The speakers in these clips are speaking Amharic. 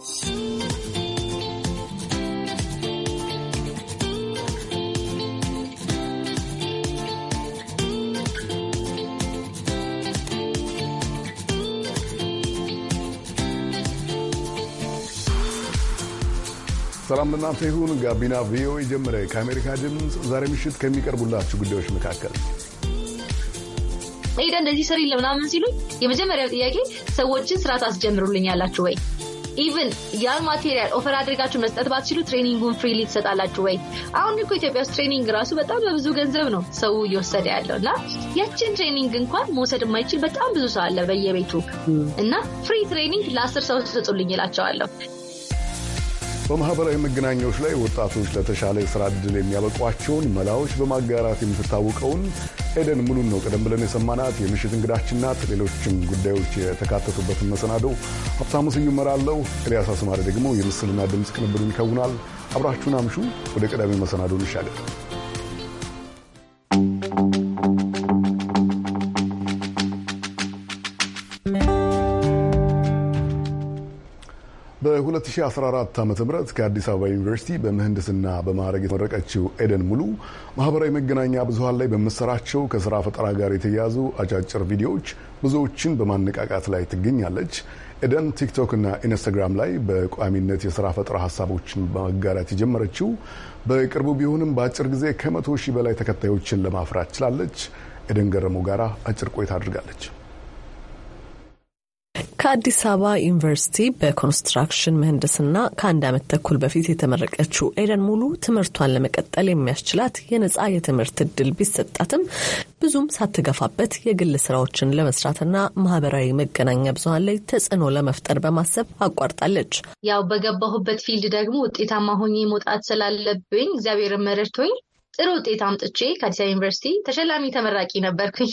ሰላም ለእናንተ ይሁን። ጋቢና ቪኦኤ ጀመረ። ከአሜሪካ ድምፅ ዛሬ ምሽት ከሚቀርቡላችሁ ጉዳዮች መካከል ሄደ እንደዚህ ስሪ ለምናምን ሲሉኝ የመጀመሪያው ጥያቄ ሰዎችን ስራ ታስጀምሩልኝ ያላችሁ ወይ ኢቭን ያን ማቴሪያል ኦፈር አድርጋችሁ መስጠት ባትችሉ ትሬኒንጉን ፍሪሊ ትሰጣላችሁ ወይ? አሁን እኮ ኢትዮጵያ ውስጥ ትሬኒንግ ራሱ በጣም በብዙ ገንዘብ ነው ሰው እየወሰደ ያለው እና ያችን ትሬኒንግ እንኳን መውሰድ የማይችል በጣም ብዙ ሰው አለ በየቤቱ እና ፍሪ ትሬኒንግ ለአስር ሰው ስጡልኝ ይላቸዋለሁ። በማህበራዊ መገናኛዎች ላይ ወጣቶች ለተሻለ የስራ ዕድል የሚያበቋቸውን መላዎች በማጋራት የምትታወቀውን ኤደን ሙሉን ነው ቀደም ብለን የሰማናት የምሽት እንግዳችን ናት። ሌሎችም ጉዳዮች የተካተቱበትን መሰናደው ሀብታሙ ስዩም እመራለሁ። ኤልያስ አስማሪ ደግሞ የምስልና ድምፅ ቅንብሩን ይከውናል። አብራችሁን አምሹ። ወደ ቀዳሚ መሰናዶ እንሻገር። 2014 ዓ ም ከአዲስ አበባ ዩኒቨርሲቲ በምህንድስና በማዕረግ የተመረቀችው ኤደን ሙሉ ማህበራዊ መገናኛ ብዙሀን ላይ በምትሰራቸው ከስራ ፈጠራ ጋር የተያያዙ አጫጭር ቪዲዮዎች ብዙዎችን በማነቃቃት ላይ ትገኛለች። ኤደን ቲክቶክ እና ኢንስታግራም ላይ በቋሚነት የስራ ፈጠራ ሀሳቦችን በመጋራት የጀመረችው በቅርቡ ቢሆንም በአጭር ጊዜ ከመቶ ሺህ በላይ ተከታዮችን ለማፍራት ችላለች። ኤደን ገረሞ ጋራ አጭር ቆይታ አድርጋለች። ከአዲስ አበባ ዩኒቨርሲቲ በኮንስትራክሽን ምህንድስና ከአንድ ዓመት ተኩል በፊት የተመረቀችው ኤደን ሙሉ ትምህርቷን ለመቀጠል የሚያስችላት የነጻ የትምህርት እድል ቢሰጣትም ብዙም ሳትገፋበት የግል ስራዎችን ለመስራትና ማህበራዊ መገናኛ ብዙሀን ላይ ተጽዕኖ ለመፍጠር በማሰብ አቋርጣለች። ያው በገባሁበት ፊልድ ደግሞ ውጤታማ ሆኜ መውጣት ስላለብኝ እግዚአብሔር መረድቶኝ ጥሩ ውጤት አምጥቼ ከአዲስ አበባ ዩኒቨርሲቲ ተሸላሚ ተመራቂ ነበርኩኝ።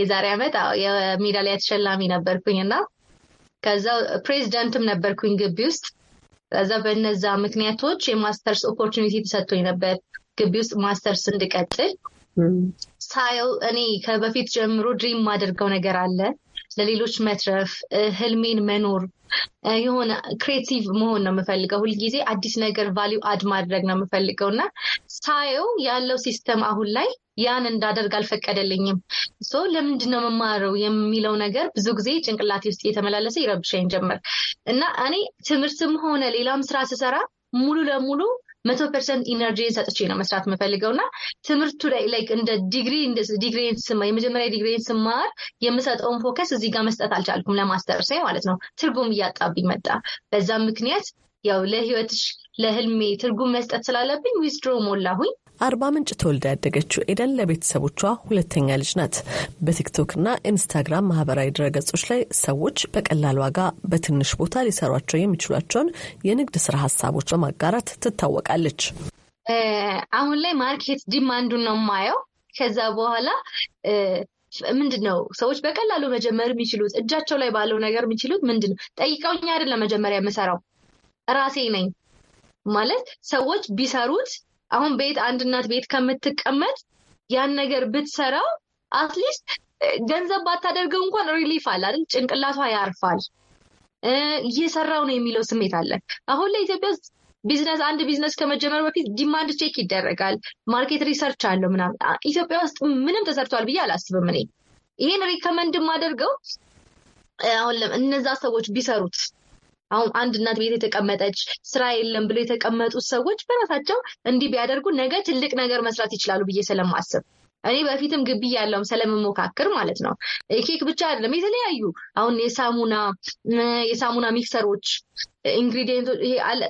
የዛሬ ዓመት የሜዳሊያ ተሸላሚ ነበርኩኝ እና ከዛ ፕሬዚደንትም ነበርኩኝ ግቢ ውስጥ ከዛ በነዛ ምክንያቶች የማስተርስ ኦፖርቹኒቲ ተሰጥቶኝ ነበር ግቢ ውስጥ ማስተርስ እንድቀጥል ሳየው እኔ ከበፊት ጀምሮ ድሪም ማደርገው ነገር አለ ለሌሎች መትረፍ ህልሜን መኖር የሆነ ክሬቲቭ መሆን ነው የምፈልገው ሁልጊዜ አዲስ ነገር ቫሊዩ አድ ማድረግ ነው የምፈልገው እና ሳየው ያለው ሲስተም አሁን ላይ ያን እንዳደርግ አልፈቀደልኝም። ሶ ለምንድን ነው መማረው የሚለው ነገር ብዙ ጊዜ ጭንቅላቴ ውስጥ እየተመላለሰ ይረብሸኝ ጀመር እና እኔ ትምህርትም ሆነ ሌላም ስራ ስሰራ ሙሉ ለሙሉ መቶ ፐርሰንት ኢነርጂ ሰጥቼ ነው መስራት የምፈልገው እና ትምህርቱ ላይ ላይክ እንደ ዲግሪ ዲግሪ የመጀመሪያ ዲግሪ ስማር የምሰጠውን ፎከስ እዚህ ጋር መስጠት አልቻልኩም። ለማስተርሴ ማለት ነው ትርጉም እያጣብኝ መጣ። በዛም ምክንያት ያው ለህይወትሽ ለህልሜ ትርጉም መስጠት ስላለብኝ ዊዝድሮ ሞላሁኝ። አርባ ምንጭ ተወልዳ ያደገችው ኤደን ለቤተሰቦቿ ሁለተኛ ልጅ ናት። በቲክቶክና ኢንስታግራም ማህበራዊ ድረገጾች ላይ ሰዎች በቀላል ዋጋ በትንሽ ቦታ ሊሰሯቸው የሚችሏቸውን የንግድ ስራ ሀሳቦች በማጋራት ትታወቃለች። አሁን ላይ ማርኬት ዲማንዱን ነው የማየው። ከዛ በኋላ ምንድን ነው ሰዎች በቀላሉ መጀመር የሚችሉት እጃቸው ላይ ባለው ነገር የሚችሉት ምንድን ነው? ጠይቀውኝ አይደለም መጀመሪያ የምሰራው ራሴ ነኝ ማለት ሰዎች ቢሰሩት አሁን ቤት አንድ እናት ቤት ከምትቀመጥ ያን ነገር ብትሰራው አትሊስት ገንዘብ ባታደርገው እንኳን ሪሊፍ አለ አይደል? ጭንቅላቷ ያርፋል። እየሰራው ነው የሚለው ስሜት አለ። አሁን ላይ ኢትዮጵያ ውስጥ ቢዝነስ አንድ ቢዝነስ ከመጀመሩ በፊት ዲማንድ ቼክ ይደረጋል። ማርኬት ሪሰርች አለው ምናምን። ኢትዮጵያ ውስጥ ምንም ተሰርቷል ብዬ አላስብም። እኔ ይህን ሪከመንድ የማደርገው አሁን እነዛ ሰዎች ቢሰሩት አሁን አንድ እናት ቤት የተቀመጠች ስራ የለም ብሎ የተቀመጡ ሰዎች በራሳቸው እንዲህ ቢያደርጉ ነገ ትልቅ ነገር መስራት ይችላሉ ብዬ ስለማስብ እኔ በፊትም ግቢ ያለውም ስለምሞካክር ማለት ነው። ኬክ ብቻ አይደለም የተለያዩ አሁን የሳሙና የሳሙና ሚክሰሮች ኢንግሪዲየንቶች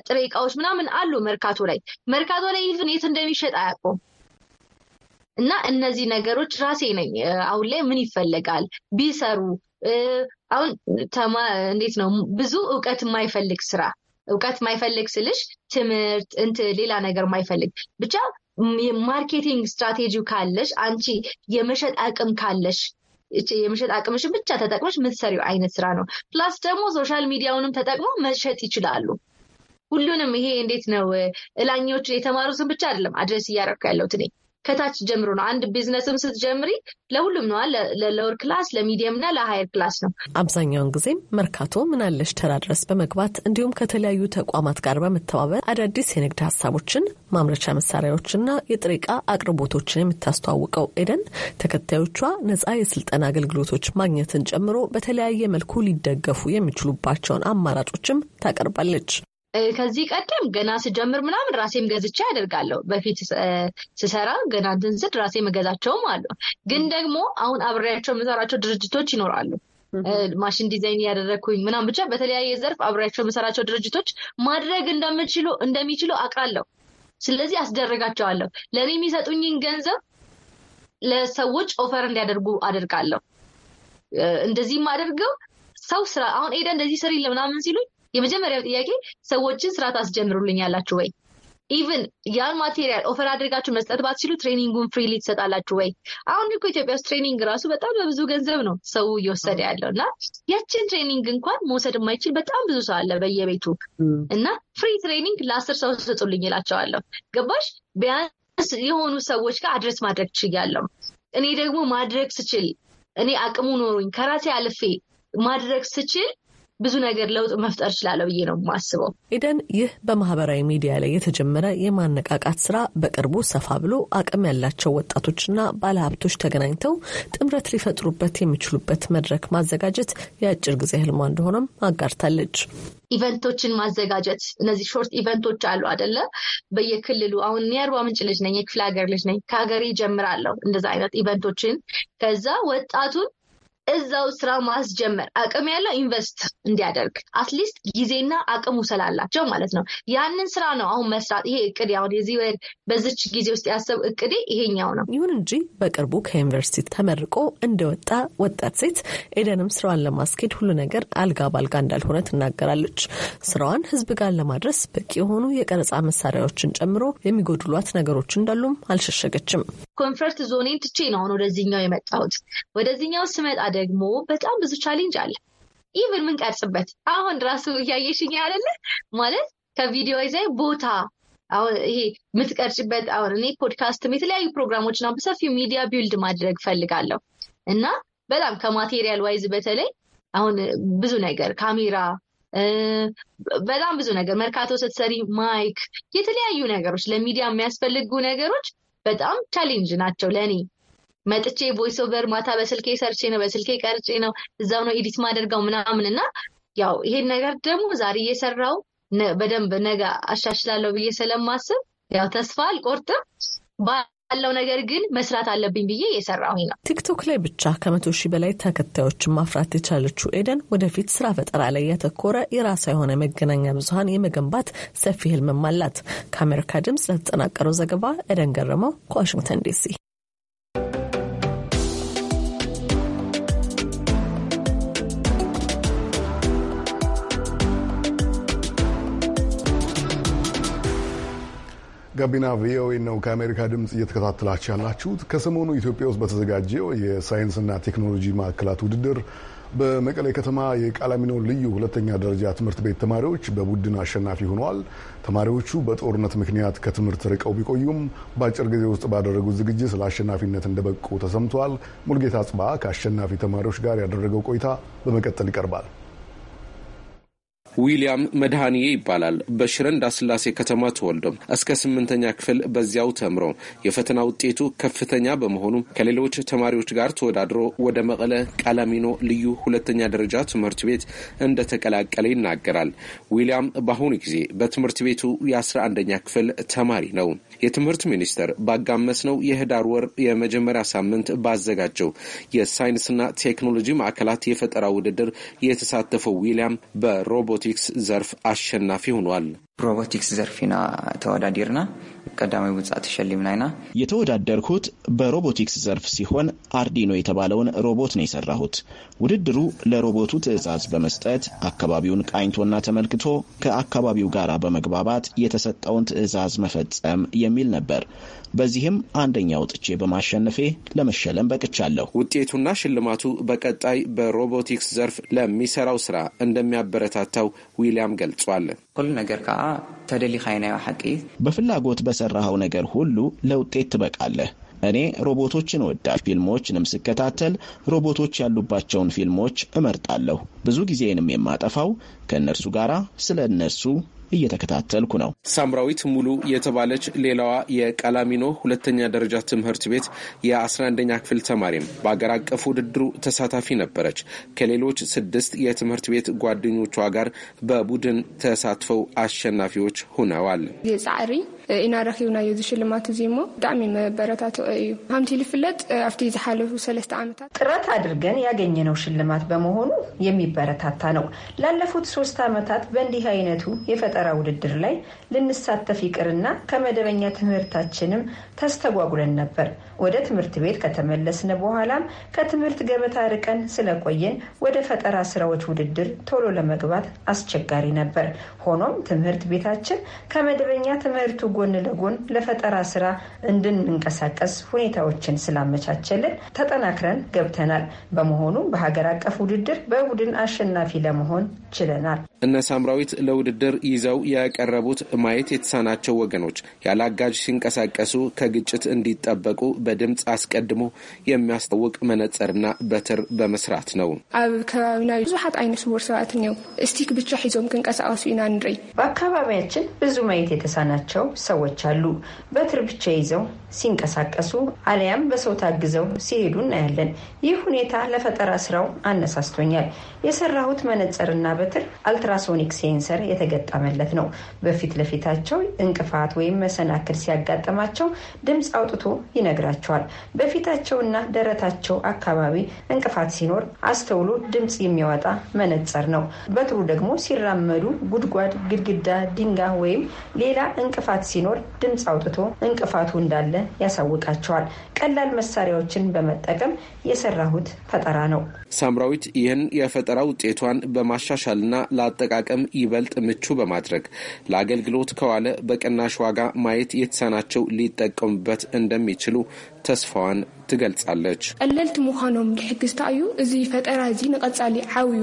ጥሬ እቃዎች ምናምን አሉ መርካቶ ላይ መርካቶ ላይ ኢቭን የት እንደሚሸጥ አያውቁም። እና እነዚህ ነገሮች ራሴ ነኝ አሁን ላይ ምን ይፈለጋል ቢሰሩ አሁን ተማ እንዴት ነው ብዙ እውቀት የማይፈልግ ስራ እውቀት የማይፈልግ ስልሽ ትምህርት እንት ሌላ ነገር የማይፈልግ ብቻ ማርኬቲንግ ስትራቴጂው ካለሽ አንቺ የመሸጥ አቅም ካለሽ የመሸጥ አቅምሽን ብቻ ተጠቅመሽ ምትሰሪው አይነት ስራ ነው። ፕላስ ደግሞ ሶሻል ሚዲያውንም ተጠቅመው መሸጥ ይችላሉ። ሁሉንም ይሄ እንዴት ነው እላኞች የተማሩትን ብቻ አይደለም አድረስ እያደረኩ ያለሁት እኔ ከታች ጀምሮ ነው። አንድ ቢዝነስም ስትጀምሪ ለሁሉም ነዋ፣ ለሎወር ክላስ፣ ለሚዲየም እና ለሀየር ክላስ ነው። አብዛኛውን ጊዜም መርካቶ ምናለሽ ተራ ድረስ በመግባት እንዲሁም ከተለያዩ ተቋማት ጋር በመተባበር አዳዲስ የንግድ ሀሳቦችን፣ ማምረቻ መሳሪያዎችና የጥሬ እቃ አቅርቦቶችን የምታስተዋውቀው ኤደን ተከታዮቿ ነጻ የስልጠና አገልግሎቶች ማግኘትን ጨምሮ በተለያየ መልኩ ሊደገፉ የሚችሉባቸውን አማራጮችም ታቀርባለች። ከዚህ ቀደም ገና ስጀምር ምናምን ራሴም ገዝቼ ያደርጋለሁ። በፊት ስሰራ ገና ድንስድ ራሴ መገዛቸውም አሉ። ግን ደግሞ አሁን አብሬያቸው የምሰራቸው ድርጅቶች ይኖራሉ። ማሽን ዲዛይን እያደረግኩኝ ምናም ብቻ በተለያየ ዘርፍ አብሬያቸው የምሰራቸው ድርጅቶች ማድረግ እንደምችሉ እንደሚችሉ አቅራለሁ ስለዚህ አስደረጋቸዋለሁ። ለእኔ የሚሰጡኝን ገንዘብ ለሰዎች ኦፈር እንዲያደርጉ አደርጋለሁ። እንደዚህም አደርገው ሰው ስራ አሁን ኤደ እንደዚህ ስሪ ለምናምን ሲሉኝ የመጀመሪያው ጥያቄ ሰዎችን ስራ ታስጀምሩልኛላችሁ ወይ? ኢቨን ያን ማቴሪያል ኦፈር አድርጋችሁ መስጠት ባትችሉ ትሬኒንጉን ፍሪሊ ትሰጣላችሁ ወይ? አሁን እኮ ኢትዮጵያ ውስጥ ትሬኒንግ ራሱ በጣም በብዙ ገንዘብ ነው ሰው እየወሰደ ያለው እና ያችን ትሬኒንግ እንኳን መውሰድ የማይችል በጣም ብዙ ሰው አለ በየቤቱ እና ፍሪ ትሬኒንግ ለአስር ሰው ሰጡልኝ ይላቸዋለሁ። ገባሽ? ቢያንስ የሆኑ ሰዎች ጋር አድረስ ማድረግ ችያለሁ። እኔ ደግሞ ማድረግ ስችል እኔ አቅሙ ኖሩኝ ከራሴ አልፌ ማድረግ ስችል ብዙ ነገር ለውጥ መፍጠር እችላለሁ ብዬ ነው የማስበው። ኢደን፣ ይህ በማህበራዊ ሚዲያ ላይ የተጀመረ የማነቃቃት ስራ በቅርቡ ሰፋ ብሎ አቅም ያላቸው ወጣቶችና ባለሀብቶች ተገናኝተው ጥምረት ሊፈጥሩበት የሚችሉበት መድረክ ማዘጋጀት የአጭር ጊዜ ህልሟ እንደሆነም አጋርታለች። ኢቨንቶችን ማዘጋጀት እነዚህ ሾርት ኢቨንቶች አሉ አደለ? በየክልሉ አሁን እኔ አርባ ምንጭ ልጅ ነኝ፣ የክፍለ ሀገር ልጅ ነኝ። ከሀገሬ ጀምራለሁ እንደዛ አይነት ኢቨንቶችን ከዛ ወጣቱን እዛው ስራ ማስጀመር አቅም ያለው ኢንቨስት እንዲያደርግ አትሊስት ጊዜና አቅሙ ስላላቸው ማለት ነው። ያንን ስራ ነው አሁን መስራት። ይሄ እቅድ አሁን የዚህ ወር በዚች ጊዜ ውስጥ ያሰብ እቅዴ ይሄኛው ነው። ይሁን እንጂ በቅርቡ ከዩኒቨርሲቲ ተመርቆ እንደወጣ ወጣት ሴት ኤደንም ስራዋን ለማስኬድ ሁሉ ነገር አልጋ ባልጋ እንዳልሆነ ትናገራለች። ስራዋን ህዝብ ጋር ለማድረስ በቂ የሆኑ የቀረጻ መሳሪያዎችን ጨምሮ የሚጎድሏት ነገሮች እንዳሉም አልሸሸገችም። ኮንፈርት ዞኔን ትቼ ነው አሁን የመጣሁት። ወደዚኛው ስመጣ ደግሞ በጣም ብዙ ቻሌንጅ አለ። ኢቨን ምንቀርጽበት አሁን ራሱ እያየሽኝ አይደለ ማለት ከቪዲዮ ይዘህ ቦታ አሁን ይሄ የምትቀርጭበት አሁን እኔ ፖድካስትም የተለያዩ ፕሮግራሞች አሁን በሰፊው ሚዲያ ቢልድ ማድረግ ፈልጋለሁ እና በጣም ከማቴሪያል ዋይዝ በተለይ አሁን ብዙ ነገር ካሜራ፣ በጣም ብዙ ነገር መርካቶ ስትሰሪ ማይክ፣ የተለያዩ ነገሮች ለሚዲያ የሚያስፈልጉ ነገሮች በጣም ቻሌንጅ ናቸው ለእኔ መጥቼ ቮይስ ኦቨር ማታ በስልኬ ሰርቼ ነው በስልኬ ቀርጬ ነው እዛው ነው ኤዲት ማደርገው ምናምን እና ያው ይሄን ነገር ደግሞ ዛሬ እየሰራው በደንብ ነገ አሻሽላለሁ ብዬ ስለማስብ ያው ተስፋ አልቆርጥም። ባለው ነገር ግን መስራት አለብኝ ብዬ እየሰራው ነው። ቲክቶክ ላይ ብቻ ከመቶ ሺህ በላይ ተከታዮችን ማፍራት የቻለችው ኤደን ወደፊት ስራ ፈጠራ ላይ ያተኮረ የራሷ የሆነ መገናኛ ብዙኃን የመገንባት ሰፊ ህልምም አላት። ከአሜሪካ ድምፅ ለተጠናቀረው ዘገባ ኤደን ገረመው ከዋሽንግተን ዲሲ ጋቢና ቪኦኤ ነው ከአሜሪካ ድምፅ እየተከታተላችሁ ያላችሁት። ከሰሞኑ ኢትዮጵያ ውስጥ በተዘጋጀው የሳይንስና ቴክኖሎጂ ማዕከላት ውድድር በመቀሌ ከተማ የቃላሚኖ ልዩ ሁለተኛ ደረጃ ትምህርት ቤት ተማሪዎች በቡድን አሸናፊ ሆነዋል። ተማሪዎቹ በጦርነት ምክንያት ከትምህርት ርቀው ቢቆዩም በአጭር ጊዜ ውስጥ ባደረጉት ዝግጅት ለአሸናፊነት እንደበቁ ተሰምተዋል። ሙልጌታ ጽባ ከአሸናፊ ተማሪዎች ጋር ያደረገው ቆይታ በመቀጠል ይቀርባል። ዊሊያም መድሃንዬ ይባላል። በሽረ እንዳስላሴ ከተማ ተወልዶም እስከ ስምንተኛ ክፍል በዚያው ተምሮ የፈተና ውጤቱ ከፍተኛ በመሆኑ ከሌሎች ተማሪዎች ጋር ተወዳድሮ ወደ መቀለ ቃላሚኖ ልዩ ሁለተኛ ደረጃ ትምህርት ቤት እንደተቀላቀለ ይናገራል። ዊሊያም በአሁኑ ጊዜ በትምህርት ቤቱ የአስራ አንደኛ ክፍል ተማሪ ነው። የትምህርት ሚኒስቴር ነው የህዳር ወር የመጀመሪያ ሳምንት ባዘጋጀው የሳይንስና ቴክኖሎጂ ማዕከላት የፈጠራ ውድድር የተሳተፈው ዊሊያም በሮቦ ሮቦቲክስ ዘርፍ አሸናፊ ሆኗል። ሮቦቲክስ ዘርፊና ተወዳዲርና ቀዳማዊ ብጻዕ ተሸሊምና ኢና የተወዳደርኩት በሮቦቲክስ ዘርፍ ሲሆን አርዲኖ የተባለውን ሮቦት ነው የሰራሁት። ውድድሩ ለሮቦቱ ትዕዛዝ በመስጠት አካባቢውን ቃኝቶና ተመልክቶ ከአካባቢው ጋር በመግባባት የተሰጠውን ትዕዛዝ መፈጸም የሚል ነበር። በዚህም አንደኛ ውጥቼ በማሸነፌ ለመሸለም በቅቻለሁ። ውጤቱና ሽልማቱ በቀጣይ በሮቦቲክስ ዘርፍ ለሚሰራው ስራ እንደሚያበረታታው ዊሊያም ገልጿል። ኩሉ ነገር ከዓ ተደሊካ ናዮ ሓቂ በፍላጎት በሰራኸው ነገር ሁሉ ለውጤት ትበቃለህ። እኔ ሮቦቶችን ወዳ ፊልሞችንም ስከታተል ሮቦቶች ያሉባቸውን ፊልሞች እመርጣለሁ። ብዙ ጊዜንም የማጠፋው ከእነርሱ ጋር ስለ እነርሱ እየተከታተልኩ ነው። ሳምራዊት ሙሉ የተባለች ሌላዋ የቀላሚኖ ሁለተኛ ደረጃ ትምህርት ቤት የ11ኛ ክፍል ተማሪም በአገር አቀፍ ውድድሩ ተሳታፊ ነበረች። ከሌሎች ስድስት የትምህርት ቤት ጓደኞቿ ጋር በቡድን ተሳትፈው አሸናፊዎች ሆነዋል። የጻዕሪ ኢና ረኪብናዮ ዝሽልማት እዚ ሞ ብጣዕሚ መበረታትኦ እዩ ከምቲ ዝፍለጥ ኣብቲ ዝሓለፉ ሰለስተ ዓመታት ጥረት ኣድርገን ያገኘነው ሽልማት በመሆኑ የሚበረታታ ነው። ላለፉት ሶስት ዓመታት በእንዲህ አይነቱ የፈጠራ ውድድር ላይ ልንሳተፍ ይቅርና ከመደበኛ ትምህርታችንም ተስተጓጉለን ነበር። ወደ ትምህርት ቤት ከተመለስን በኋላም ከትምህርት ገበታ ርቀን ስለቆየን ወደ ፈጠራ ስራዎች ውድድር ቶሎ ለመግባት አስቸጋሪ ነበር። ሆኖም ትምህርት ቤታችን ከመደበኛ ትምህርቱ ጎን ለጎን ለፈጠራ ስራ እንድንንቀሳቀስ ሁኔታዎችን ስላመቻቸልን ተጠናክረን ገብተናል። በመሆኑም በሀገር አቀፍ ውድድር በቡድን አሸናፊ ለመሆን ችለናል። እነ ሳምራዊት ለውድድር ይዘው ያቀረቡት ማየት የተሳናቸው ወገኖች ያለ አጋዥ ሲንቀሳቀሱ ከግጭት እንዲጠበቁ በድምፅ አስቀድሞ የሚያስታውቅ መነጽርና በትር በመስራት ነው። ኣብ ከባቢና ብዙሓት ዓይነት ስውር ሰባት እኒው እስቲክ ብቻ ሒዞም ክንቀሳቀሱ ኢና ንርኢ። በአካባቢያችን ብዙ ማየት የተሳናቸው ሰዎች አሉ። በትር ብቻ ይዘው ሲንቀሳቀሱ አሊያም በሰው ታግዘው ሲሄዱ እናያለን። ይህ ሁኔታ ለፈጠራ ስራው አነሳስቶኛል። የሰራሁት መነጽርና በትር አልትራሶኒክ ሴንሰር የተገጠመለት ነው። በፊት ለፊታቸው እንቅፋት ወይም መሰናክል ሲያጋጠማቸው ድምፅ አውጥቶ ይነግራቸዋል። በፊታቸውና ደረታቸው አካባቢ እንቅፋት ሲኖር አስተውሎ ድምፅ የሚያወጣ መነጽር ነው። በትሩ ደግሞ ሲራመዱ ጉድጓድ፣ ግድግዳ፣ ድንጋይ ወይም ሌላ እንቅፋት ሲኖር ድምፅ አውጥቶ እንቅፋቱ እንዳለ እንደሆነ ያሳውቃቸዋል። ቀላል መሳሪያዎችን በመጠቀም የሰራሁት ፈጠራ ነው። ሳምራዊት ይህን የፈጠራ ውጤቷን በማሻሻልና ለአጠቃቀም ይበልጥ ምቹ በማድረግ ለአገልግሎት ከዋለ በቅናሽ ዋጋ ማየት የተሳናቸው ሊጠቀሙበት እንደሚችሉ ተስፋዋን ትገልጻለች። ቀለልቲ ምዃኖም ዝሕግዝታ እዩ እዚ ፈጠራ እዚ ንቐጻሊ ዓብዩ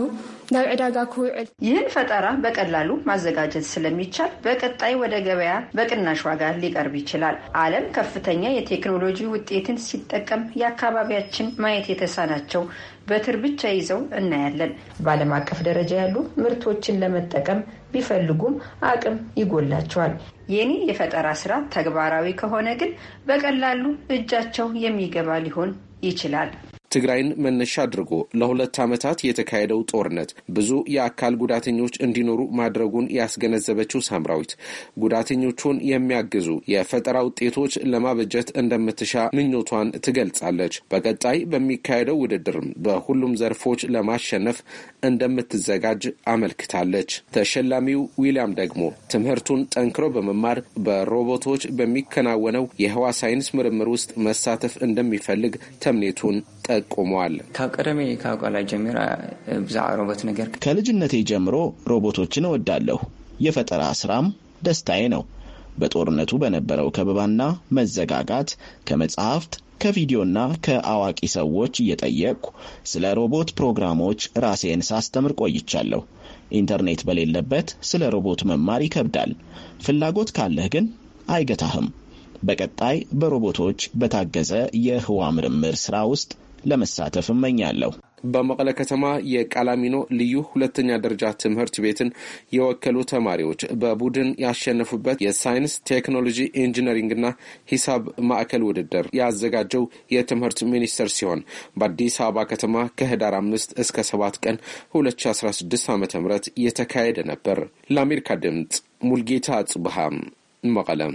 ናብ ዕዳጋ ክውዕል ይህን ፈጠራ በቀላሉ ማዘጋጀት ስለሚቻል በቀጣይ ወደ ገበያ በቅናሽ ዋጋ ሊቀርብ ይችላል። ዓለም ከፍተኛ የቴክኖሎጂ ውጤትን ሲጠቀም የአካባቢያችን ማየት የተሳናቸው በትር ብቻ ይዘው እናያለን። በዓለም አቀፍ ደረጃ ያሉ ምርቶችን ለመጠቀም ቢፈልጉም አቅም ይጎላቸዋል። የኔ የፈጠራ ስራ ተግባራዊ ከሆነ ግን በቀላሉ እጃቸው የሚገባ ሊሆን ይችላል። ትግራይን መነሻ አድርጎ ለሁለት ዓመታት የተካሄደው ጦርነት ብዙ የአካል ጉዳተኞች እንዲኖሩ ማድረጉን ያስገነዘበችው ሳምራዊት ጉዳተኞቹን የሚያግዙ የፈጠራ ውጤቶች ለማበጀት እንደምትሻ ምኞቷን ትገልጻለች። በቀጣይ በሚካሄደው ውድድርም በሁሉም ዘርፎች ለማሸነፍ እንደምትዘጋጅ አመልክታለች። ተሸላሚው ዊሊያም ደግሞ ትምህርቱን ጠንክሮ በመማር በሮቦቶች በሚከናወነው የህዋ ሳይንስ ምርምር ውስጥ መሳተፍ እንደሚፈልግ ተምኔቱን ጠቁመዋል። ካብ ቀደሜ ካብ ቃላ ጀሚራ ብዛዕባ ሮቦት ነገር ከልጅነቴ ጀምሮ ሮቦቶችን እወዳለሁ። የፈጠራ ስራም ደስታዬ ነው። በጦርነቱ በነበረው ከበባና መዘጋጋት ከመጽሐፍት ከቪዲዮና ከአዋቂ ሰዎች እየጠየቅኩ ስለ ሮቦት ፕሮግራሞች ራሴን ሳስተምር ቆይቻለሁ። ኢንተርኔት በሌለበት ስለ ሮቦት መማር ይከብዳል። ፍላጎት ካለህ ግን አይገታህም። በቀጣይ በሮቦቶች በታገዘ የህዋ ምርምር ሥራ ውስጥ ለመሳተፍ እመኛለሁ። በመቀለ ከተማ የቃላሚኖ ልዩ ሁለተኛ ደረጃ ትምህርት ቤትን የወከሉ ተማሪዎች በቡድን ያሸነፉበት የሳይንስ ቴክኖሎጂ፣ ኢንጂነሪንግና ሂሳብ ማዕከል ውድድር ያዘጋጀው የትምህርት ሚኒስቴር ሲሆን በአዲስ አበባ ከተማ ከህዳር አምስት እስከ ሰባት ቀን 2016 ዓ ም የተካሄደ ነበር። ለአሜሪካ ድምፅ ሙልጌታ ጽብሃም መቀለም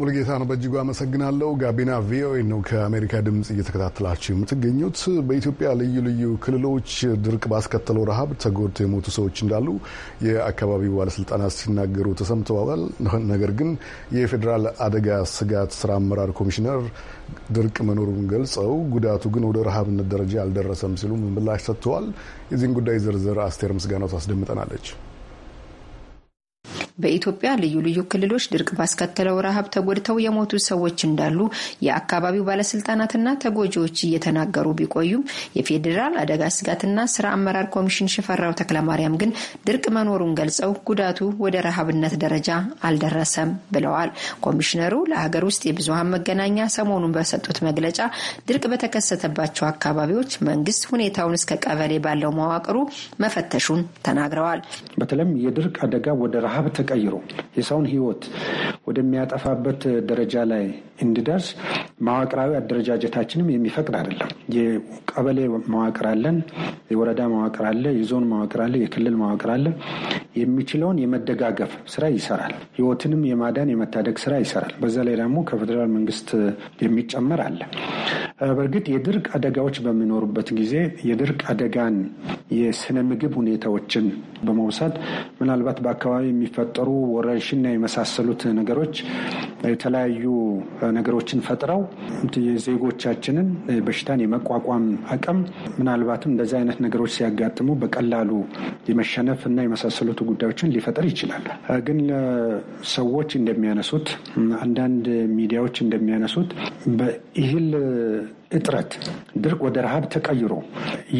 ነው በእጅጉ አመሰግናለሁ። ጋቢና ቪኦኤ ነው ከአሜሪካ ድምፅ እየተከታተላችሁ የምትገኙት። በኢትዮጵያ ልዩ ልዩ ክልሎች ድርቅ ባስከተለው ረሃብ ተጎድተው የሞቱ ሰዎች እንዳሉ የአካባቢው ባለስልጣናት ሲናገሩ ተሰምተዋል። ነገር ግን የፌዴራል አደጋ ስጋት ስራ አመራር ኮሚሽነር ድርቅ መኖሩን ገልጸው ጉዳቱ ግን ወደ ረሃብነት ደረጃ አልደረሰም ሲሉ ምላሽ ሰጥተዋል። የዚህን ጉዳይ ዝርዝር አስቴር ምስጋናው ታስደምጠናለች። በኢትዮጵያ ልዩ ልዩ ክልሎች ድርቅ ባስከተለው ረሃብ ተጎድተው የሞቱ ሰዎች እንዳሉ የአካባቢው ባለስልጣናትና ተጎጂዎች እየተናገሩ ቢቆዩም የፌዴራል አደጋ ስጋትና ስራ አመራር ኮሚሽን ሽፈራው ተክለማርያም ግን ድርቅ መኖሩን ገልጸው ጉዳቱ ወደ ረሃብነት ደረጃ አልደረሰም ብለዋል። ኮሚሽነሩ ለሀገር ውስጥ የብዙሀን መገናኛ ሰሞኑን በሰጡት መግለጫ ድርቅ በተከሰተባቸው አካባቢዎች መንግስት ሁኔታውን እስከ ቀበሌ ባለው መዋቅሩ መፈተሹን ተናግረዋል። በተለይም የድርቅ አደጋ ወደ ረሃብ ቀይሮ የሰውን ህይወት ወደሚያጠፋበት ደረጃ ላይ እንዲደርስ መዋቅራዊ አደረጃጀታችንም የሚፈቅድ አይደለም። የቀበሌ መዋቅር አለን፣ የወረዳ መዋቅር አለ፣ የዞን መዋቅር አለ፣ የክልል መዋቅር አለ። የሚችለውን የመደጋገፍ ስራ ይሰራል። ህይወትንም የማዳን የመታደግ ስራ ይሰራል። በዛ ላይ ደግሞ ከፌዴራል መንግስት የሚጨመር አለ። በእርግጥ የድርቅ አደጋዎች በሚኖሩበት ጊዜ የድርቅ አደጋን የስነ ምግብ ሁኔታዎችን በመውሰድ ምናልባት በአካባቢ የሚፈጥ የሚፈጠሩ ወረርሽና የመሳሰሉት ነገሮች የተለያዩ ነገሮችን ፈጥረው የዜጎቻችንን በሽታን የመቋቋም አቅም ምናልባትም እንደዚህ አይነት ነገሮች ሲያጋጥሙ በቀላሉ የመሸነፍ እና የመሳሰሉት ጉዳዮችን ሊፈጥር ይችላል። ግን ሰዎች እንደሚያነሱት አንዳንድ ሚዲያዎች እንደሚያነሱት በይህል እጥረት፣ ድርቅ ወደ ረሃብ ተቀይሮ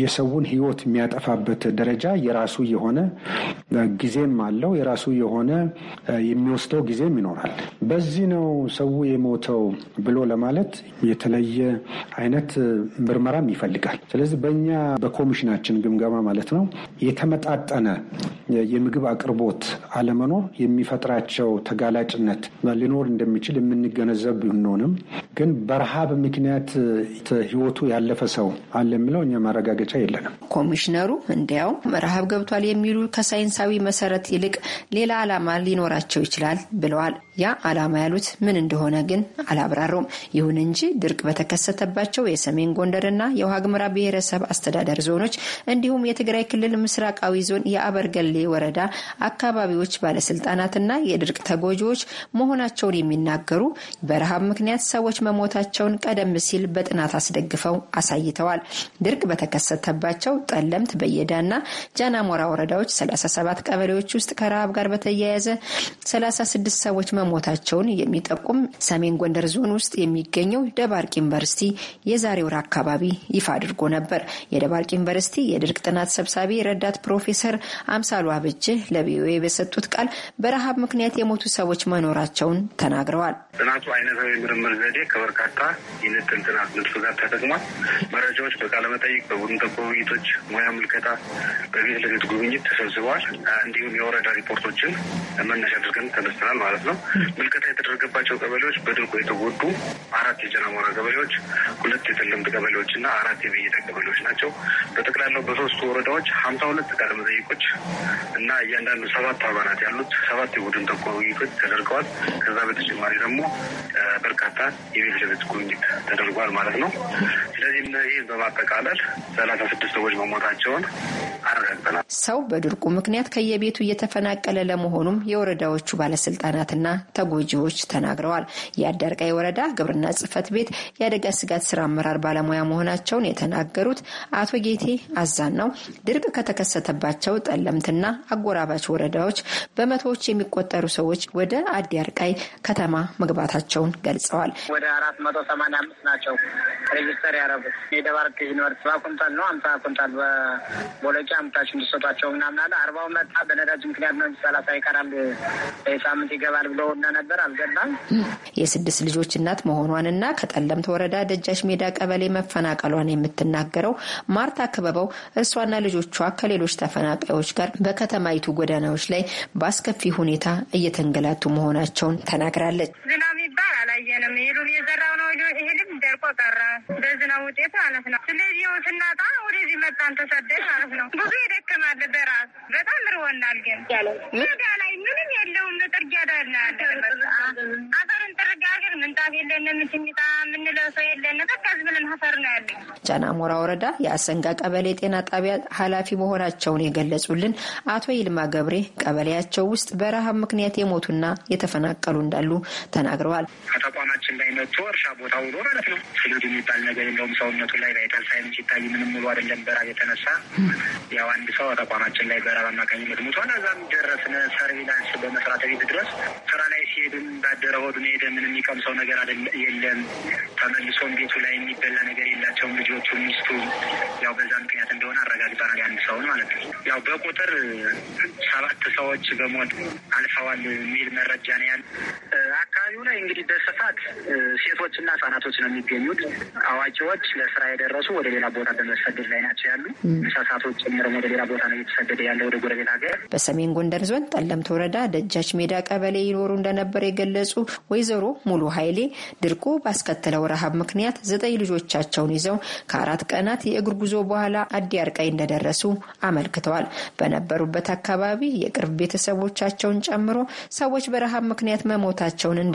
የሰውን ህይወት የሚያጠፋበት ደረጃ የራሱ የሆነ ጊዜም አለው። የራሱ የሆነ የሚወስደው ጊዜም ይኖራል። በዚህ ነው ሰው የሞተው ብሎ ለማለት የተለየ አይነት ምርመራም ይፈልጋል። ስለዚህ በእኛ በኮሚሽናችን ግምገማ ማለት ነው የተመጣጠነ የምግብ አቅርቦት አለመኖር የሚፈጥራቸው ተጋላጭነት ሊኖር እንደሚችል የምንገነዘብ ብንሆንም ግን በረሃብ ምክንያት በፊት ህይወቱ ያለፈ ሰው አለ የሚለው እኛ ማረጋገጫ የለንም። ኮሚሽነሩ እንዲያው ረሃብ ገብቷል የሚሉ ከሳይንሳዊ መሰረት ይልቅ ሌላ ዓላማ ሊኖራቸው ይችላል ብለዋል። ያ ዓላማ ያሉት ምን እንደሆነ ግን አላብራሩም። ይሁን እንጂ ድርቅ በተከሰተባቸው የሰሜን ጎንደርና የውሃ ግምራ ብሔረሰብ አስተዳደር ዞኖች እንዲሁም የትግራይ ክልል ምስራቃዊ ዞን የአበርገሌ ወረዳ አካባቢዎች ባለስልጣናትና የድርቅ ተጎጂዎች መሆናቸውን የሚናገሩ በረሃብ ምክንያት ሰዎች መሞታቸውን ቀደም ሲል በጥናት በጥናት አስደግፈው አሳይተዋል። ድርቅ በተከሰተባቸው ጠለምት፣ በየዳና ጃናሞራ ወረዳዎች 37 ቀበሌዎች ውስጥ ከረሃብ ጋር በተያያዘ 36 ሰዎች መሞታቸውን የሚጠቁም ሰሜን ጎንደር ዞን ውስጥ የሚገኘው ደባርቅ ዩኒቨርሲቲ የዛሬ ወር አካባቢ ይፋ አድርጎ ነበር። የደባርቅ ዩኒቨርሲቲ የድርቅ ጥናት ሰብሳቢ ረዳት ፕሮፌሰር አምሳሉ አብጅ ለቪኦኤ በሰጡት ቃል በረሃብ ምክንያት የሞቱ ሰዎች መኖራቸውን ተናግረዋል። ጥናቱ አይነታዊ ምርምር ዘዴ ከበርካታ የንጥል ጥናት ጋር ተጠቅሟል። መረጃዎች በቃለመጠይቅ፣ በቡድን ጠቆ ውይይቶች፣ ሙያ ምልከታ፣ በቤት ለቤት ጉብኝት ተሰብስበዋል። እንዲሁም የወረዳ ሪፖርቶችን መነሻ አድርገን ተነስተናል ማለት ነው። ምልከታ የተደረገባቸው ቀበሌዎች በድርቆ የተጎዱ አራት የጀናሞራ ቀበሌዎች፣ ሁለት የተለምድ ቀበሌዎች እና አራት የበየዳ ቀበሌዎች ናቸው። በጠቅላላው በሶስቱ ወረዳዎች ሀምሳ ሁለት ቃለመጠይቆች እና እያንዳንዱ ሰባት አባላት ያሉት ሰባት የቡድን ጠቆ ውይይቶች ተደርገዋል። ከዛ በተጨማሪ ደግሞ በርካታ የቤት ለቤት ጉብኝት ተደርጓል ማለት ነው። ስለዚህ እነዚህ በማጠቃለል ሰላሳ ስድስት ሰዎች መሞታቸውን አረጋግጠናል። ሰው በድርቁ ምክንያት ከየቤቱ እየተፈናቀለ ለመሆኑም የወረዳዎቹ ባለስልጣናትና ተጎጂዎች ተናግረዋል። የአዳርቃይ ወረዳ ግብርና ጽህፈት ቤት የአደጋ ስጋት ስራ አመራር ባለሙያ መሆናቸውን የተናገሩት አቶ ጌቴ አዛን ነው። ድርቅ ከተከሰተባቸው ጠለምትና አጎራባች ወረዳዎች በመቶዎች የሚቆጠሩ ሰዎች ወደ አዲያርቃይ ከተማ መግባታቸውን ገልጸዋል። ወደ አራት መቶ ሰማንያ አምስት ናቸው ሬጅስተር ያረጉት የደባርቅ ዩኒቨርሲቲ ሰባ ኩንታል ነው አምሳ ኩንታል በቦሎቂ አምታች እንዲሰጧቸው ምናምን አለ። አርባው መጣ። በነዳጅ ምክንያት ነው ሰላሳ ይቀራል ሳምንት ይገባል ብሎ እና ነበር አልገባም። የስድስት ልጆች እናት መሆኗንና ከጠለምት ወረዳ ደጃሽ ሜዳ ቀበሌ መፈናቀሏን የምትናገረው ማርታ ክበበው እሷና ልጆቿ ከሌሎች ተፈናቃዮች ጋር በከተማይቱ ጎዳናዎች ላይ በአስከፊ ሁኔታ እየተንገላቱ መሆናቸውን ተናግራለች። ዝና የሚባል አላየንም። ይሉን የዘራው ነው ይሄድም ደርቆ ቀረ። በዚህ ነው ውጤት ማለት ነው። ስለዚህ ይኸው ስናጣ ወደዚህ መጣን ተሰደሽ ማለት ነው። ብዙ ይደክማል በራስ በጣም ርወናል። ግን ሜዳ ላይ ምንም የለውም። ጥርጊያ ዳለ አፈርን ጥርጋ ግን ምንጣፍ የለንም። ምችሚታ የምንለብሰው የለን። በቃ ዝብልን አፈር ነው ያለ። ጫና ሞራ ወረዳ የአሰንጋ ቀበሌ ጤና ጣቢያ ኃላፊ መሆናቸውን የገለጹልን አቶ ይልማ ገብሬ ቀበሌያቸው ውስጥ በረሃብ ምክንያት የሞቱና የተፈናቀሉ እንዳሉ ተናግረዋል። ከተቋማችን ላይ መጥቶ እርሻ ቦታ ውሎ ማለት ነው ፍሉድ የሚባል ነገር የለውም ሰውነቱ ላይ ቫይታል ሳይን ሲታይ ምንም ሙሉ አይደለም። በራብ የተነሳ ያው አንድ ሰው ተቋማችን ላይ በራብ አማካኝነት ሙቷል። እዛም ደረስን ሰርቪላንስ በመስራት ቤት ድረስ ስራ ላይ ሲሄድም ባደረ ሆዱን ሄደ ምንም የሚቀምሰው ነገር የለም። ተመልሶም ቤቱ ላይ የሚበላ ነገር የላቸውም ልጆቹ፣ ሚስቱ ያው በዛ ምክንያት እንደሆነ አረጋግጠናል። አንድ ሰውን ማለት ነው ያው በቁጥር ሰባት ሰዎች በሞት አልፈዋል የሚል መረጃ ነው ያለ አካባቢው ላይ እንግዲህ በስፋት ሴቶችና ህጻናቶች ነው የሚገኙት። አዋቂዎች ለስራ የደረሱ ወደ ሌላ ቦታ በመሰደድ ላይ ናቸው ያሉ እንስሳቶች ጨምረው ወደ ሌላ ቦታ ነው እየተሰደደ ያለ ወደ ጎረቤት ሀገር። በሰሜን ጎንደር ዞን ጠለምት ወረዳ ደጃች ሜዳ ቀበሌ ይኖሩ እንደነበር የገለጹ ወይዘሮ ሙሉ ኃይሌ ድርቁ ባስከተለው ረሃብ ምክንያት ዘጠኝ ልጆቻቸውን ይዘው ከአራት ቀናት የእግር ጉዞ በኋላ አዲ አርቃይ እንደደረሱ አመልክተዋል። በነበሩበት አካባቢ የቅርብ ቤተሰቦቻቸውን ጨምሮ ሰዎች በረሃብ ምክንያት መሞታቸውን እንደሚ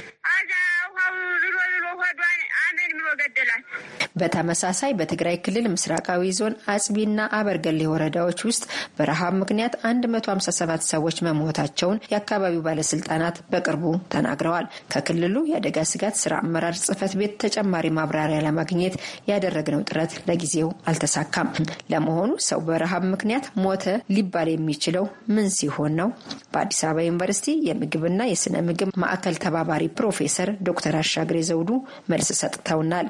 በተመሳሳይ በትግራይ ክልል ምስራቃዊ ዞን አጽቢና አበርገሌ ወረዳዎች ውስጥ በረሃብ ምክንያት 157 ሰዎች መሞታቸውን የአካባቢው ባለስልጣናት በቅርቡ ተናግረዋል። ከክልሉ የአደጋ ስጋት ስራ አመራር ጽህፈት ቤት ተጨማሪ ማብራሪያ ለማግኘት ያደረግነው ጥረት ለጊዜው አልተሳካም። ለመሆኑ ሰው በረሃብ ምክንያት ሞተ ሊባል የሚችለው ምን ሲሆን ነው? በአዲስ አበባ ዩኒቨርሲቲ የምግብና የስነ ምግብ ማዕከል ተባባሪ ፕሮፌሰር ዶክተር አሻግሬ ዘውዱ መልስ ሰጥተውናል።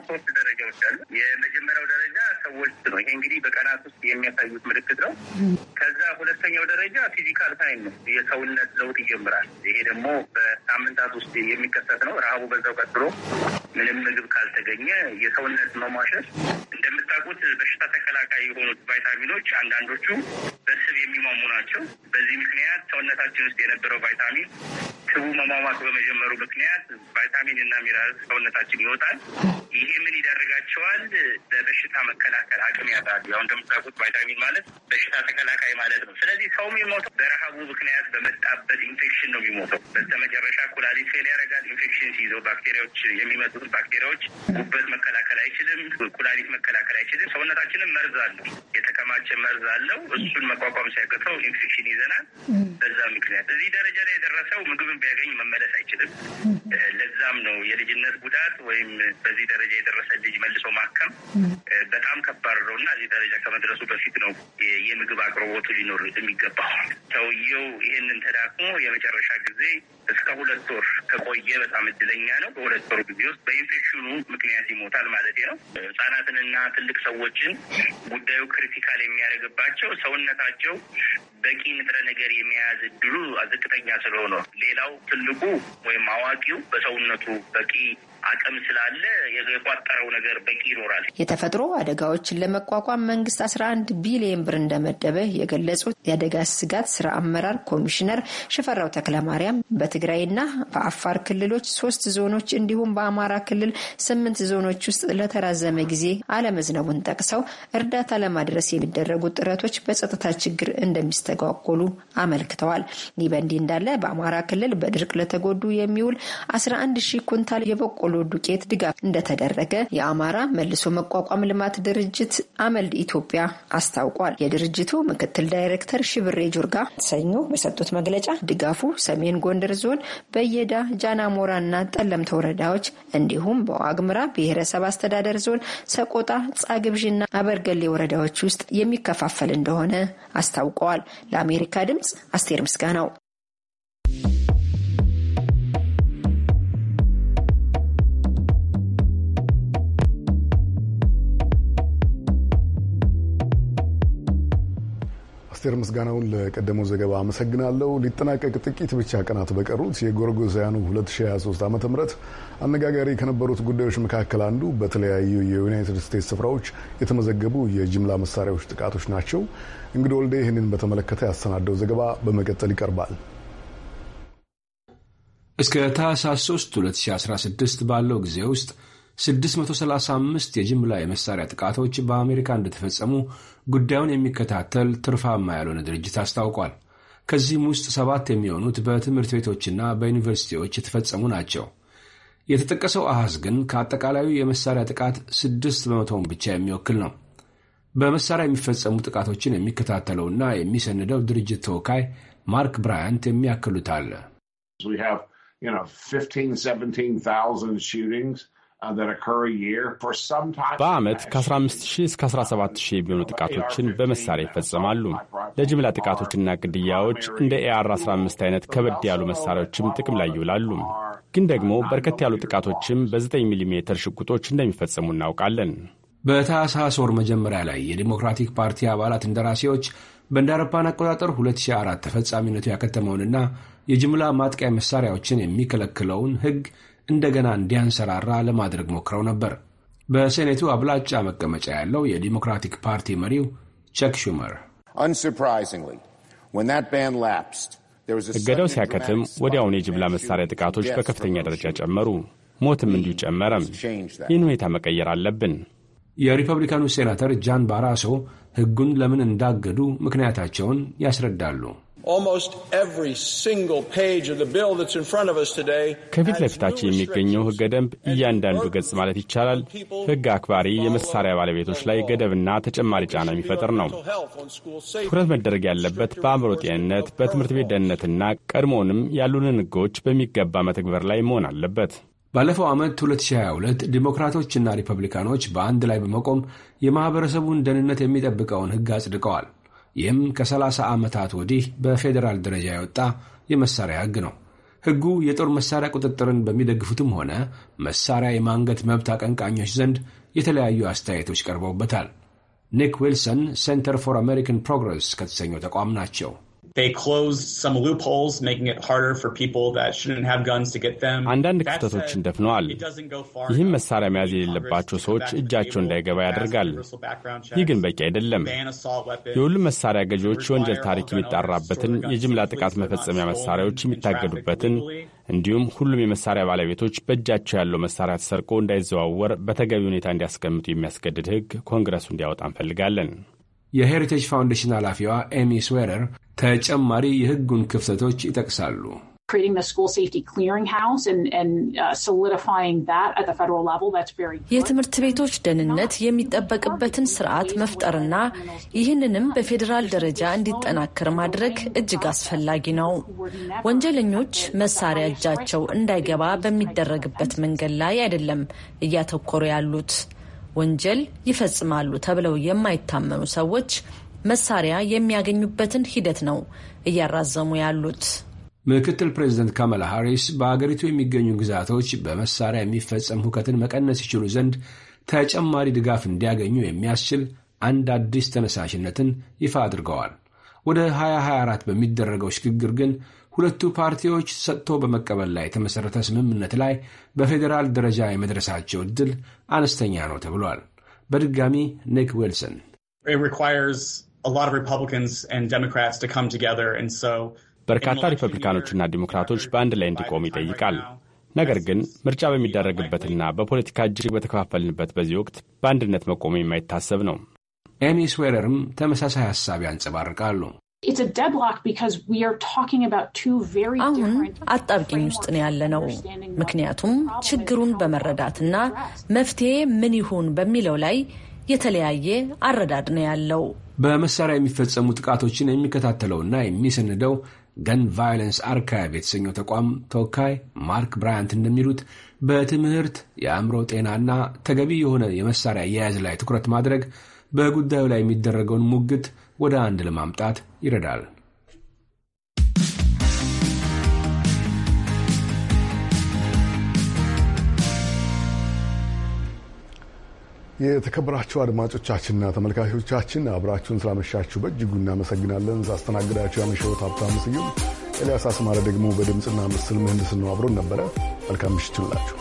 ደረጃዎች አሉ። የመጀመሪያው ደረጃ ሰዎች ነው። ይሄ እንግዲህ በቀናት ውስጥ የሚያሳዩት ምልክት ነው። ከዛ ሁለተኛው ደረጃ ፊዚካል ሳይን ነው። የሰውነት ለውጥ ይጀምራል። ይሄ ደግሞ በሳምንታት ውስጥ የሚከሰት ነው። ረሃቡ በዛው ቀጥሎ ምንም ምግብ ካልተገኘ የሰውነት መሟሸት እንደምታውቁት በሽታ ተከላካይ የሆኑት ቫይታሚኖች አንዳንዶቹ በስብ የሚሟሙ ናቸው። በዚህ ምክንያት ሰውነታችን ውስጥ የነበረው ቫይታሚን ስቡ መሟሟት በመጀመሩ ምክንያት ቫይታሚን እና ሚነራል ሰውነታችን ይወጣል። ይሄ ምን ይዳርጋቸዋል? ለበሽታ መከላከል አቅም ያጣሉ። ያው እንደምታውቁት ቫይታሚን ማለት በሽታ ተከላካይ ማለት ነው። ስለዚህ ሰው የሚሞተው በረሃቡ ምክንያት በመጣበት ኢንፌክሽን ነው የሚሞተው። በስተመጨረሻ ኩላሊት ፌል ያደርጋል። ኢንፌክሽን ሲይዘው ባክቴሪያዎች የሚመጡት ባክቴሪያዎች ጉበት መከላከል አይችልም፣ ኩላሊት መከላከል አይችልም። ሰውነታችንም መርዝ አለው፣ የተከማቸ መርዝ አለው። እሱን መቋቋም ሲያቅተው ኢንፌክሽን ይዘናል። በዛ ምክንያት እዚህ ደረጃ ላይ የደረሰው ምግብን ቢያገኝ መመለስ አይችልም። ለዛም ነው የልጅነት ጉዳት ወይም በዚህ ደረጃ የደረሰ ልጅ መልሶ ማከም በጣም ከባድ ነው እና እዚህ ደረጃ ከመድረሱ በፊት ነው የምግብ አቅርቦቱ ሊኖር የሚገባው። ሰውየው ይህንን ተዳክሞ የመጨረሻ ጊዜ እስከ ሁለት ወር ከቆየ በጣም እድለኛ ነው። በሁለት ወር ጊዜ ውስጥ በኢንፌክሽኑ ምክንያት ይሞታል ማለት ነው። ህጻናትንና ትልቅ ሰዎችን ጉዳዩ ክሪቲካል የሚያደርግባቸው ሰውነታ በመኖራቸው በቂ ንጥረ ነገር የመያዝ እድሉ ዝቅተኛ ስለሆነ፣ ሌላው ትልቁ ወይም አዋቂው በሰውነቱ በቂ አቅም ስላለ የቋጠረው ነገር በቂ ይኖራል። የተፈጥሮ አደጋዎችን ለመቋቋም መንግስት አስራ አንድ ቢሊየን ብር እንደመደበ የገለጹት የአደጋ ስጋት ስራ አመራር ኮሚሽነር ሽፈራው ተክለማርያም በትግራይና በአፋር ክልሎች ሶስት ዞኖች እንዲሁም በአማራ ክልል ስምንት ዞኖች ውስጥ ለተራዘመ ጊዜ አለመዝነቡን ጠቅሰው እርዳታ ለማድረስ የሚደረጉ ጥረቶች በጸጥታ ችግር እንደሚስተጓጎሉ አመልክተዋል። ይህ በእንዲህ እንዳለ በአማራ ክልል በድርቅ ለተጎዱ የሚውል አስራ አንድ ሺህ ኩንታል የበቆ የበቆሎ ዱቄት ድጋፍ እንደተደረገ የአማራ መልሶ መቋቋም ልማት ድርጅት አመልድ ኢትዮጵያ አስታውቋል። የድርጅቱ ምክትል ዳይሬክተር ሽብሬ ጆርጋ ሰኞ በሰጡት መግለጫ ድጋፉ ሰሜን ጎንደር ዞን በየዳ ጃናሞራና ጠለምተ ወረዳዎች እንዲሁም በዋግምራ ብሔረሰብ አስተዳደር ዞን ሰቆጣ፣ ጻግብዥና አበርገሌ ወረዳዎች ውስጥ የሚከፋፈል እንደሆነ አስታውቀዋል። ለአሜሪካ ድምጽ አስቴር ምስጋናው አስቴር ምስጋናውን ለቀደመው ዘገባ አመሰግናለሁ። ሊጠናቀቅ ጥቂት ብቻ ቀናት በቀሩት የጎርጎሳውያኑ 2023 ዓ ም አነጋጋሪ ከነበሩት ጉዳዮች መካከል አንዱ በተለያዩ የዩናይትድ ስቴትስ ስፍራዎች የተመዘገቡ የጅምላ መሳሪያዎች ጥቃቶች ናቸው። እንግዲህ ወልዴ ይህንን በተመለከተ ያሰናደው ዘገባ በመቀጠል ይቀርባል። እስከ ታህሳስ 3 2016 ባለው ጊዜ ውስጥ 635 የጅምላ የመሳሪያ ጥቃቶች በአሜሪካ እንደተፈጸሙ ጉዳዩን የሚከታተል ትርፋማ ያልሆነ ድርጅት አስታውቋል። ከዚህም ውስጥ ሰባት የሚሆኑት በትምህርት ቤቶችና በዩኒቨርሲቲዎች የተፈጸሙ ናቸው። የተጠቀሰው አሃዝ ግን ከአጠቃላዩ የመሳሪያ ጥቃት 6 በመቶውን ብቻ የሚወክል ነው። በመሳሪያ የሚፈጸሙ ጥቃቶችን የሚከታተለውና የሚሰንደው ድርጅት ተወካይ ማርክ ብራያንት የሚያክሉት አለ። Uh, በዓመት uh, ከ15000 እስከ 17000 የሚሆኑ ጥቃቶችን በመሳሪያ ይፈጸማሉ። ለጅምላ ጥቃቶችና ግድያዎች እንደ ኤአር 15 አይነት ከበድ ያሉ መሳሪያዎችም ጥቅም ላይ ይውላሉ። ግን ደግሞ በርከት ያሉ ጥቃቶችም በ9 ሚሜ ሽጉጦች እንደሚፈጸሙ እናውቃለን። በታህሳስ ወር መጀመሪያ ላይ የዲሞክራቲክ ፓርቲ አባላት እንደራሴዎች በእንደ አውሮፓውያን አቆጣጠር 2004 ተፈጻሚነቱ ያከተመውንና የጅምላ ማጥቂያ መሳሪያዎችን የሚከለክለውን ሕግ እንደገና እንዲያንሰራራ ለማድረግ ሞክረው ነበር። በሴኔቱ አብላጫ መቀመጫ ያለው የዲሞክራቲክ ፓርቲ መሪው ቸክ ሹመር እገዳው ሲያከትም ወዲያውን የጅምላ መሳሪያ ጥቃቶች በከፍተኛ ደረጃ ጨመሩ። ሞትም እንዲሁ ጨመረም። ይህን ሁኔታ መቀየር አለብን። የሪፐብሊካኑ ሴናተር ጃን ባራሶ ሕጉን ለምን እንዳገዱ ምክንያታቸውን ያስረዳሉ። ከፊት ለፊታችን የሚገኘው ህገ ደንብ እያንዳንዱ ገጽ ማለት ይቻላል ህግ አክባሪ የመሳሪያ ባለቤቶች ላይ ገደብና ተጨማሪ ጫና የሚፈጥር ነው። ትኩረት መደረግ ያለበት በአእምሮ ጤንነት፣ በትምህርት ቤት ደህንነትና ቀድሞውንም ያሉንን ህጎች በሚገባ መተግበር ላይ መሆን አለበት። ባለፈው ዓመት 2022 ዲሞክራቶችና ሪፐብሊካኖች በአንድ ላይ በመቆም የማኅበረሰቡን ደህንነት የሚጠብቀውን ህግ አጽድቀዋል። ይህም ከ30 ዓመታት ወዲህ በፌዴራል ደረጃ የወጣ የመሳሪያ ሕግ ነው። ሕጉ የጦር መሳሪያ ቁጥጥርን በሚደግፉትም ሆነ መሳሪያ የማንገት መብት አቀንቃኞች ዘንድ የተለያዩ አስተያየቶች ቀርበውበታል። ኒክ ዊልሰን ሴንተር ፎር አሜሪካን ፕሮግረስ ከተሰኘው ተቋም ናቸው። አንዳንድ ክፍተቶችን ደፍነዋል። ይህም መሳሪያ መያዝ የሌለባቸው ሰዎች እጃቸው እንዳይገባ ያደርጋል። ይህ ግን በቂ አይደለም። የሁሉም መሳሪያ ገዢዎች የወንጀል ታሪክ የሚጣራበትን፣ የጅምላ ጥቃት መፈጸሚያ መሳሪያዎች የሚታገዱበትን እንዲሁም ሁሉም የመሳሪያ ባለቤቶች በእጃቸው ያለው መሳሪያ ተሰርቆ እንዳይዘዋወር በተገቢ ሁኔታ እንዲያስቀምጡ የሚያስገድድ ህግ ኮንግረሱ እንዲያወጣ እንፈልጋለን። የሄሪቴጅ ፋውንዴሽን ኃላፊዋ ኤሚ ስዌረር ተጨማሪ የሕጉን ክፍተቶች ይጠቅሳሉ። uh, የትምህርት ቤቶች ደህንነት የሚጠበቅበትን ስርዓት መፍጠርና ይህንንም በፌዴራል ደረጃ እንዲጠናከር ማድረግ እጅግ አስፈላጊ ነው። ወንጀለኞች መሳሪያ እጃቸው እንዳይገባ በሚደረግበት መንገድ ላይ አይደለም እያተኮሩ ያሉት። ወንጀል ይፈጽማሉ ተብለው የማይታመኑ ሰዎች መሳሪያ የሚያገኙበትን ሂደት ነው እያራዘሙ ያሉት። ምክትል ፕሬዚደንት ካማላ ሃሪስ በአገሪቱ የሚገኙ ግዛቶች በመሳሪያ የሚፈጸም ሁከትን መቀነስ ይችሉ ዘንድ ተጨማሪ ድጋፍ እንዲያገኙ የሚያስችል አንድ አዲስ ተነሳሽነትን ይፋ አድርገዋል። ወደ 2024 በሚደረገው ሽግግር ግን ሁለቱ ፓርቲዎች ሰጥቶ በመቀበል ላይ የተመሠረተ ስምምነት ላይ በፌዴራል ደረጃ የመድረሳቸው ዕድል አነስተኛ ነው ተብሏል። በድጋሚ ኒክ ዊልሰን በርካታ ሪፐብሊካኖችና ዲሞክራቶች በአንድ ላይ እንዲቆም ይጠይቃል። ነገር ግን ምርጫ በሚደረግበትና በፖለቲካ እጅግ በተከፋፈልንበት በዚህ ወቅት በአንድነት መቆም የማይታሰብ ነው። ኤሚ ስዌረርም ተመሳሳይ ሀሳብ ያንጸባርቃሉ። አሁን አጣብቂኝ ውስጥ ነው ያለነው። ምክንያቱም ችግሩን በመረዳትና መፍትሄ ምን ይሁን በሚለው ላይ የተለያየ አረዳድ ነው ያለው። በመሳሪያ የሚፈጸሙ ጥቃቶችን የሚከታተለውና የሚሰንደው ገን ቫዮለንስ አርካይቭ የተሰኘው ተቋም ተወካይ ማርክ ብራያንት እንደሚሉት በትምህርት የአእምሮ ጤናና ተገቢ የሆነ የመሳሪያ አያያዝ ላይ ትኩረት ማድረግ በጉዳዩ ላይ የሚደረገውን ሙግት ወደ አንድ ለማምጣት ይረዳል። የተከበራችሁ አድማጮቻችንና ተመልካቾቻችን አብራችሁን ስላመሻችሁ በእጅጉ እናመሰግናለን። ሳስተናግዳችሁ ያመሸሁት ሀብታሙ ስዩም፣ ኤልያስ አስማረ ደግሞ በድምፅና ምስል ምህንድስና አብሮን ነበረ። መልካም ምሽት ይሁንላችሁ።